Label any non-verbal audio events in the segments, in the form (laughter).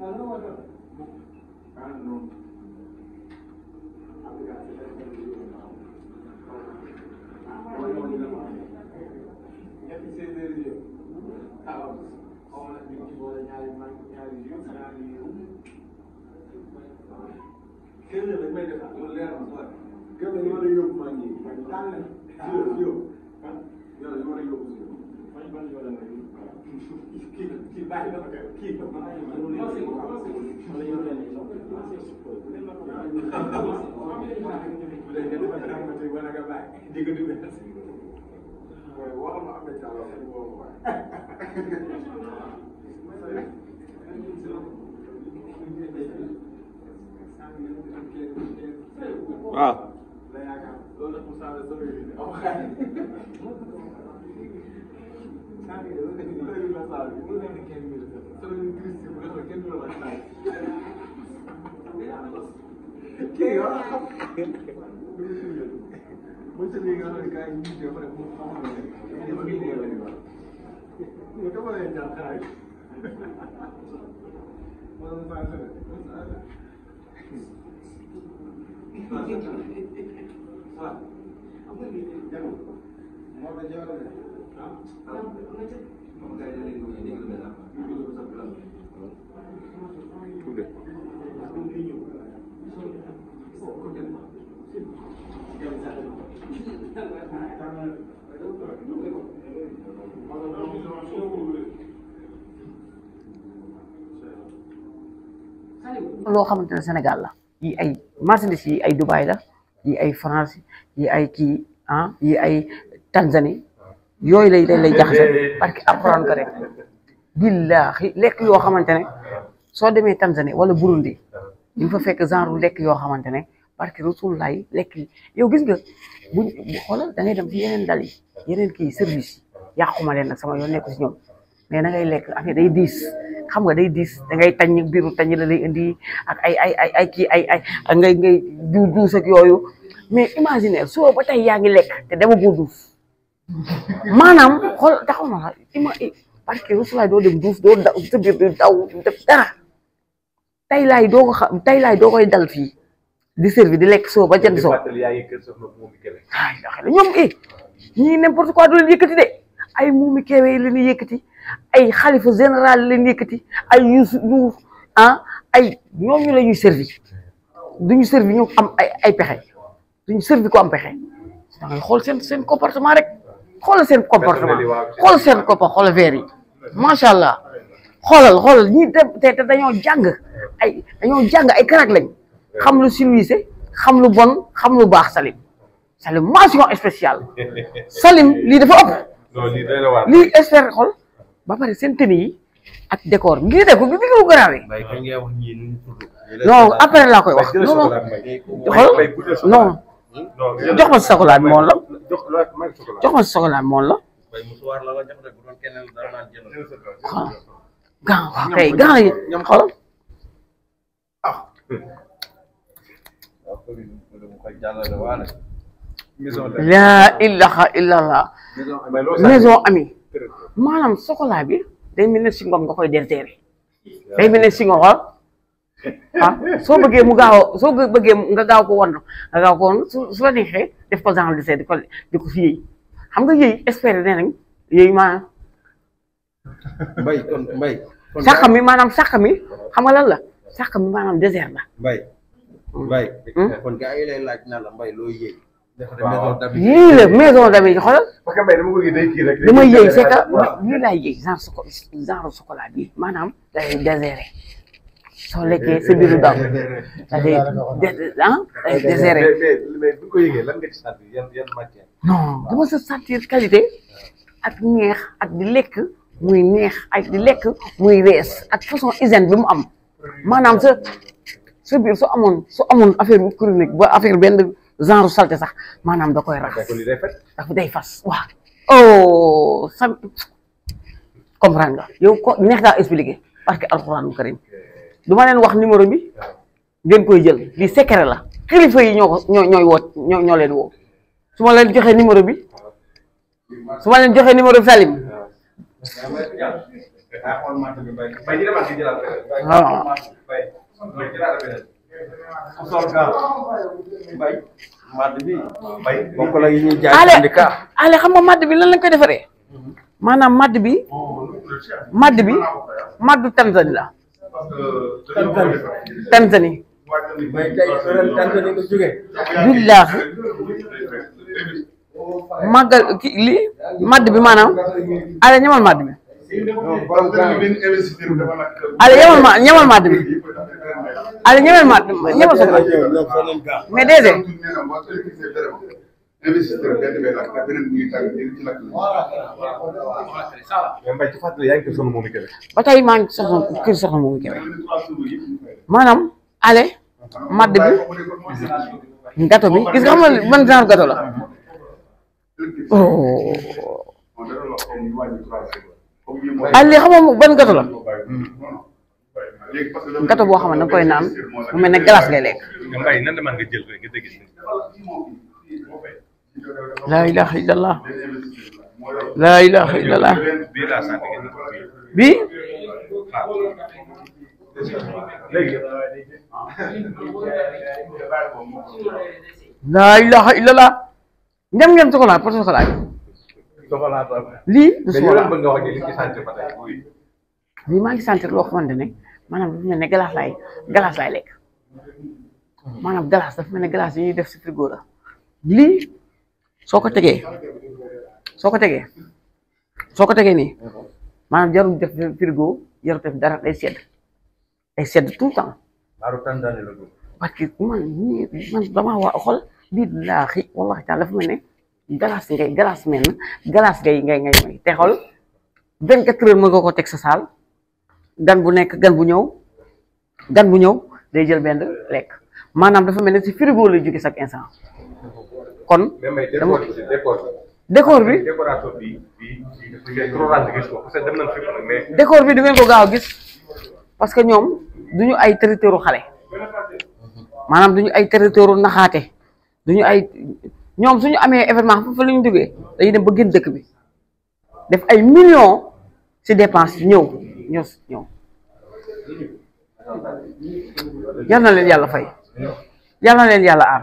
Kerja lebih dekat, kalau lihat orang tua, kerja lebih mana yuk mandi, mandi tanah, yuk, yuk, kan, ya lebih mana yuk, mandi mandi pada mandi. Wow. t va m h o s a n a c o v e r u Udah. loo xamante ne Sénégal la yi ay marchandise yi ay Dubai la yi ay France yi ay ki, ah yi ay Tanzanie yooyu lay lay jaxase parce (laughs) que alxuraan ko rek billaahi lekk yoo xamante ne soo demee Tanzanie wala Burundi ñu fa fekk genre lekk yoo xamante ne parce que rasulullah yi lekk yi yow gis nga buñ xoolal da ngay dem ci yeneen dal yi yeneen kii service yi yàquma leen nag sama yoon nekku si ñoom mais da ngay lekk affaire day diis xam nga day diis da ngay tañ biiru tañ la lay indi ak ay ay ay ay kii ay ay ngay ngay du duus ak yooyu mais imaginaire soo ba tey yaa ngi lekk te dama boo duus maanaam xool taxaw na la ci ma parce que Rusu doo dem duus doo daw di daw def dara tey laay doo ko xam tey laay doo koy dal fii di servi di lekk soo ba jënd soo ay daxale ñoom i eh, ñii n'importe quoi du leen yëkkati de ay Momy Kébé yi leen ay xalifa général yi leen yëkkati ay Youssou Ndour ah ay ñoom ñu la ñuy servi duñu servi ñu am ay ay pexe duñu servi ko am pexe da xool seen seen comportement rek xool seen comportement xoolal seen koppa xoolal verre yi macha allah xoolal xool ñi te te dañoo jàng ay dañoo jàng ay karak lañ xam lu civilisé xam lu bon xam lu baax Salim Salim mention spéciale (laughs) Salim lii dafa ëpp lii expert xool ba pare seen tenue ak décor ngi ko bi bi ko garaawee non après laa koy wax non hmm? jox ma sa sakulaat joxoon soxla moom la. waaw. gan waaw kay gan yi xoolal. laa ilaha illallah. maison ami maanaam soxlaa bi day mel ne si nga koy derteere day mel ne si xool. so bëggee mu gaaw a soo bëggee nga gaaw ko wan nga gaaw ko wan su su la neexee def ko genre lycée di ko di ko fi yëy xam nga yëy espérer nee nañ yëy maanaam. mbay kon mbay. sàq mi maanaam sàq mi xam nga lan la sàq mi maanaam désert la. mbay hmm. mbay. Hmm? kon gars yi lay laaj naa la mbay loo yëy. lii la maison d'ami yi xoolal. parce que mbay dama bëgg day kii rek. damay yëy c'est que lii laay yëy genre chocolat genre chocolat bi maanaam day désert. soo lekkee sa biiru daw dafay ah désiré mais non dama sa sentir qualité ak neex ak di lekk muy neex ak di lekk muy rees ak façon hygiène bi mu am maanaam sa sa biir su amoon affaire bu chronique ba affaire benn genre salté sax maanaam da koy raxas daf day fas waaw oh sam comprendre nga yow ko neex daa expliqué parce que alxuraanu karim du ma leen wax numéro bi ngeen koy jël li secret la kilifa yi ñoo ko ñoo ñooy woo ñoo ñoo leen woo su ma leen joxee numéro bi su ma leen joxee numéro Salim ah. ale ale xam nga madd bi lan lañ koy defaree maanaam bi madd bi maddu Tanzanie la Tanzanie billaahi màggal kii lii madd bi maanaam ale ñamal madd bi ale ñamal ma ñamal ale ñamal madd ñamal soxla mais investisseur benn benn ci lakk mais Mbaye ci fàttali yaa ba tey maa ngi soxna kër soxna Momy Kébé ale madd bi gato bi gis nga xam nga man genre gato la ale xam nga ban gato la gato boo xam ne danga koy naan mu mel ne glace ngay lekk. laa ilaha illallah laa ilaha illallah bi laa ilaha illallah ndem ngeen soxlaa parce lii du soxlaa lii maa ngi sentir loo xamante ne maanaam dafa mel ne glace lekk maanaam glace dafa mel ne glace yi ñuy def si frigo la lii soo ko tegee ni mana jarum soo ko tegee nii maanaam jarul def frigo jarul def dara day sedd day sedd tout le temps parce que man man damaa waa xol billaahi wallahi taala dafa mel ne glace ngay glace mel na glace ngay ngay ngay dan te xol vingt quatre heures mën nga ko sa gan bu gan bu gan bu day jël dafa si frigo lay jóge chaque instant kon. dekor, décor bi décoration bi décor bi du ngeen ko gaaw a gis parce que ñoom duñu ay territoire xale maanaam duñu ay territoire naxaate duñu ay ñoom suñu amee événement fa fa la ñu duggee dañuy dem ba gën dëkk bi def ay millions ci dépense ñëw ñëw ñëw yal na leen yàlla fay yal na leen yàlla aar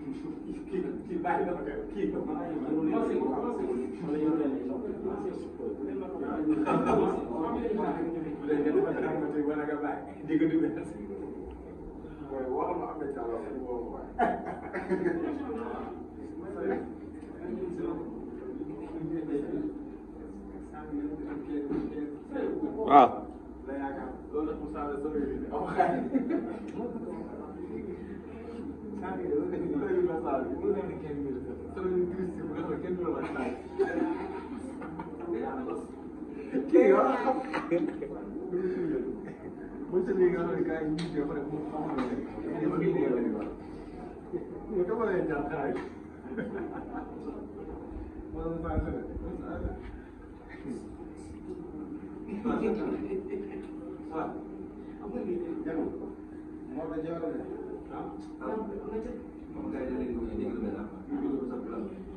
keep ah. Wow. (laughs) (laughs) xaar bi bu nekk kenn bi nga xam kenn du la laaj xaar kii yow mënta léegi nga xam ne gars yi ñu jéem rek moom xamal na ne yow kii nii lañ wax yow dama lay jar xaar moom faa xam ne waaw am na 我们在这边工作，那边在上班。